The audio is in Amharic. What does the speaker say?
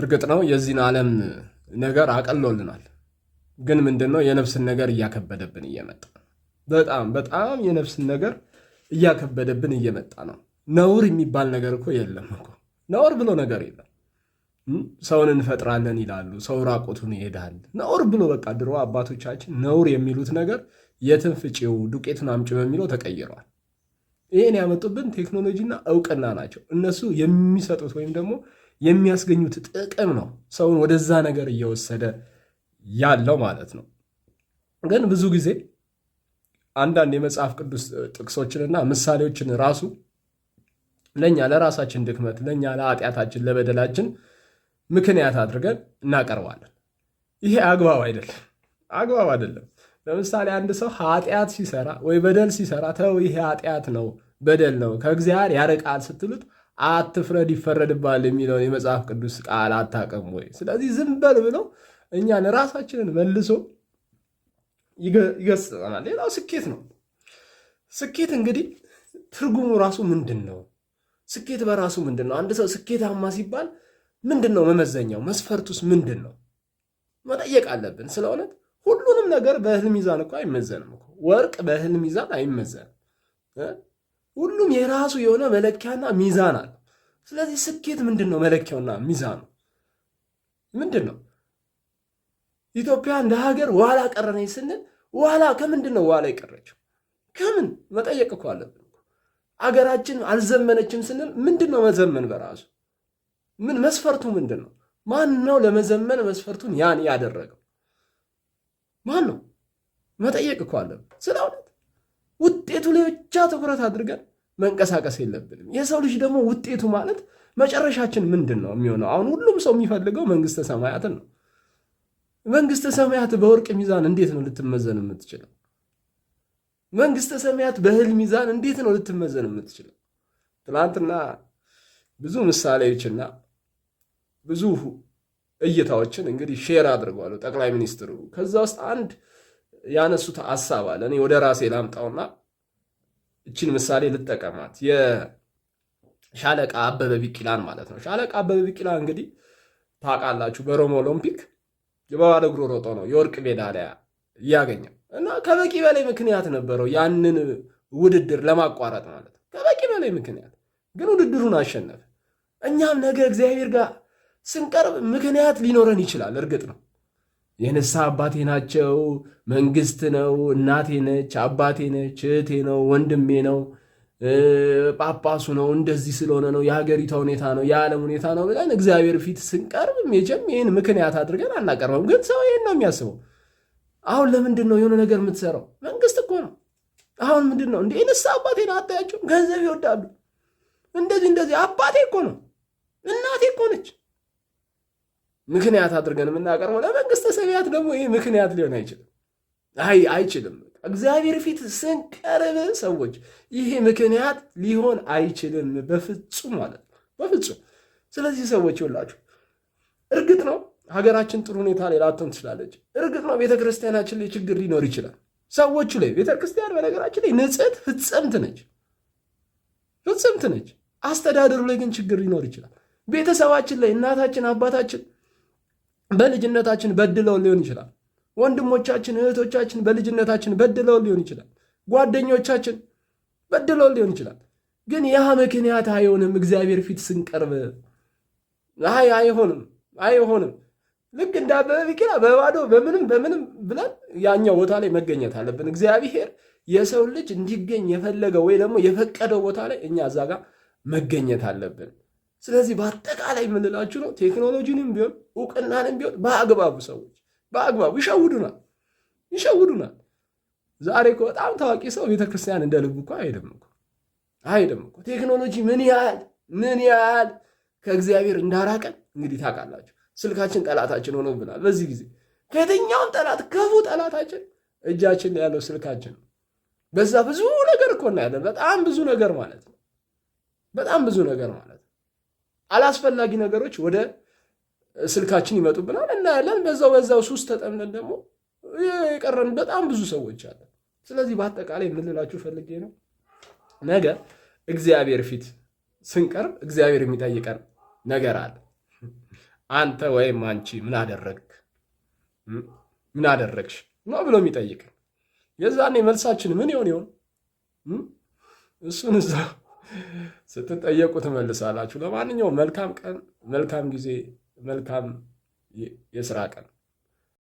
እርግጥ ነው የዚህን ዓለም ነገር አቀሎልናል። ግን ምንድን ነው የነፍስን ነገር እያከበደብን እየመጣ በጣም በጣም የነፍስን ነገር እያከበደብን እየመጣ ነው። ነውር የሚባል ነገር እኮ የለም እኮ ነውር ብሎ ነገር የለም። ሰውን እንፈጥራለን ይላሉ፣ ሰው ራቁቱን ይሄዳል። ነውር ብሎ በቃ ድሮ አባቶቻችን ነውር የሚሉት ነገር የትን ፍጪው ዱቄቱን አምጪ በሚለው ተቀይረዋል። ይህን ያመጡብን ቴክኖሎጂና እውቅና ናቸው እነሱ የሚሰጡት ወይም ደግሞ የሚያስገኙት ጥቅም ነው ሰውን ወደዛ ነገር እየወሰደ ያለው ማለት ነው። ግን ብዙ ጊዜ አንዳንድ የመጽሐፍ ቅዱስ ጥቅሶችንና ምሳሌዎችን ራሱ ለእኛ ለራሳችን ድክመት፣ ለእኛ ለኃጢአታችን፣ ለበደላችን ምክንያት አድርገን እናቀርባለን። ይሄ አግባብ አይደለም፣ አግባብ አይደለም። ለምሳሌ አንድ ሰው ኃጢአት ሲሰራ ወይ በደል ሲሰራ ተው ይሄ ኃጢአት ነው፣ በደል ነው፣ ከእግዚአብሔር ያርቃል ስትሉት አትፍረድ ይፈረድባል የሚለውን የመጽሐፍ ቅዱስ ቃል አታውቅም ወይ? ስለዚህ ዝም በል ብለው እኛን ራሳችንን መልሶ ይገስጸናል። ሌላው ስኬት ነው። ስኬት እንግዲህ ትርጉሙ ራሱ ምንድን ነው? ስኬት በራሱ ምንድን ነው? አንድ ሰው ስኬታማ ሲባል ምንድን ነው መመዘኛው? መስፈርቱስ ምንድን ነው? መጠየቅ አለብን። ስለ እውነት ሁሉንም ነገር በእህል ሚዛን እኮ አይመዘንም እኮ። ወርቅ በእህል ሚዛን አይመዘንም። ሁሉም የራሱ የሆነ መለኪያና ሚዛን አለው። ስለዚህ ስኬት ምንድን ነው? መለኪያውና ሚዛኑ ምንድን ነው? ኢትዮጵያ እንደ ሀገር ዋላ ቀረነኝ ስንል ዋላ ከምንድን ነው ዋላ የቀረችው? ከምን መጠየቅ እኮ አለብን። አገራችን አልዘመነችም ስንል ምንድን ነው መዘመን በራሱ ምን መስፈርቱ ምንድን ነው? ማን ነው ለመዘመን መስፈርቱን ያን ያደረገው ማን ነው? መጠየቅ እኮ አለብን ስለ ውጤቱ ላይ ብቻ ትኩረት አድርገን መንቀሳቀስ የለብንም። የሰው ልጅ ደግሞ ውጤቱ ማለት መጨረሻችን ምንድን ነው የሚሆነው? አሁን ሁሉም ሰው የሚፈልገው መንግስተ ሰማያትን ነው። መንግስተ ሰማያት በወርቅ ሚዛን እንዴት ነው ልትመዘን የምትችለው? መንግስተ ሰማያት በእህል ሚዛን እንዴት ነው ልትመዘን የምትችለው? ትናንትና ብዙ ምሳሌዎችና ብዙ እይታዎችን እንግዲህ ሼር አድርጓሉ ጠቅላይ ሚኒስትሩ። ከዛ ውስጥ አንድ ያነሱት ሀሳብ አለ። እኔ ወደ ራሴ ላምጣውና እችን ምሳሌ ልጠቀማት። የሻለቃ አበበ ቢቂላን ማለት ነው። ሻለቃ አበበ ቢቂላ እንግዲህ ታውቃላችሁ፣ በሮም ኦሎምፒክ የባለ እግሩ ሮጦ ነው የወርቅ ሜዳሊያ እያገኘ እና ከበቂ በላይ ምክንያት ነበረው ያንን ውድድር ለማቋረጥ ማለት ነው። ከበቂ በላይ ምክንያት ግን ውድድሩን አሸነፈ። እኛም ነገ እግዚአብሔር ጋር ስንቀርብ ምክንያት ሊኖረን ይችላል፣ እርግጥ ነው። የንስሐ አባቴ ናቸው። መንግስት ነው፣ እናቴ ነች፣ አባቴ ነች፣ እህቴ ነው፣ ወንድሜ ነው፣ ጳጳሱ ነው፣ እንደዚህ ስለሆነ ነው፣ የሀገሪቷ ሁኔታ ነው፣ የዓለም ሁኔታ ነው ብለን እግዚአብሔር ፊት ስንቀርብ ሜጀም ይህን ምክንያት አድርገን አናቀርበም። ግን ሰው ይህን ነው የሚያስበው። አሁን ለምንድን ነው የሆነ ነገር የምትሰራው? መንግስት እኮ ነው። አሁን ምንድን ነው እንደ የንስሐ አባቴን አታያቸውም? ገንዘብ ይወዳሉ፣ እንደዚህ እንደዚህ። አባቴ እኮ ነው፣ እናቴ እኮ ነች ምክንያት አድርገን የምናቀርበው ለመንግስተ ሰማያት ደግሞ ይህ ምክንያት ሊሆን አይችልም። አይ አይችልም። እግዚአብሔር ፊት ስንቀርብ ሰዎች ይሄ ምክንያት ሊሆን አይችልም በፍጹም ማለት ነው፣ በፍጹም። ስለዚህ ሰዎች ይውላችሁ፣ እርግጥ ነው ሀገራችን ጥሩ ሁኔታ ላይ ላትሆን ትችላለች። እርግጥ ነው ቤተክርስቲያናችን ላይ ችግር ሊኖር ይችላል። ሰዎቹ ላይ ቤተክርስቲያን በነገራችን ላይ ንጽሕት ፍጽምት ነች፣ ፍጽምት ነች። አስተዳደሩ ላይ ግን ችግር ሊኖር ይችላል። ቤተሰባችን ላይ እናታችን አባታችን በልጅነታችን በድለው ሊሆን ይችላል። ወንድሞቻችን፣ እህቶቻችን በልጅነታችን በድለው ሊሆን ይችላል። ጓደኞቻችን በድለው ሊሆን ይችላል። ግን ያ ምክንያት አይሆንም። እግዚአብሔር ፊት ስንቀርብ አይ አይሆንም፣ አይሆንም። ልክ እንደ አበበ ቢቂላ በባዶ በምንም በምንም ብለን ያኛው ቦታ ላይ መገኘት አለብን። እግዚአብሔር የሰው ልጅ እንዲገኝ የፈለገው ወይ ደግሞ የፈቀደው ቦታ ላይ እኛ እዛ ጋር መገኘት አለብን። ስለዚህ በአጠቃላይ የምንላችሁ ነው ቴክኖሎጂንም ቢሆን እውቅናንም ቢሆን በአግባቡ ሰዎች በአግባቡ ይሸውዱናል ይሸውዱናል። ዛሬ እኮ በጣም ታዋቂ ሰው ቤተክርስቲያን እንደ ልብ እኮ አይሄድም እኮ አይሄድም እኮ። ቴክኖሎጂ ምን ያህል ምን ያህል ከእግዚአብሔር እንዳራቀን እንግዲህ ታውቃላችሁ። ስልካችን ጠላታችን ሆኖ ብላል በዚህ ጊዜ ከየትኛውም ጠላት ክፉ ጠላታችን እጃችን ላይ ያለው ስልካችን ነው። በዛ ብዙ ነገር እኮ እናያለን። በጣም ብዙ ነገር ማለት ነው። በጣም ብዙ ነገር ማለት ነው። አላስፈላጊ ነገሮች ወደ ስልካችን ይመጡብናል፣ እናያለን። በዛው በዛው ሱስ ተጠምደን ደግሞ የቀረን በጣም ብዙ ሰዎች አለ። ስለዚህ በአጠቃላይ የምንላችሁ ፈልጌ ነው ነገ እግዚአብሔር ፊት ስንቀርብ እግዚአብሔር የሚጠይቀን ነገር አለ። አንተ ወይም አንቺ ምን አደረግ ምን አደረግሽ ነው ብሎ የሚጠይቅን የዛኔ መልሳችን ምን ይሆን ይሆን? እሱን እዛ ስትጠየቁ ትመልሳላችሁ። ለማንኛውም መልካም ቀን፣ መልካም ጊዜ፣ መልካም የስራ ቀን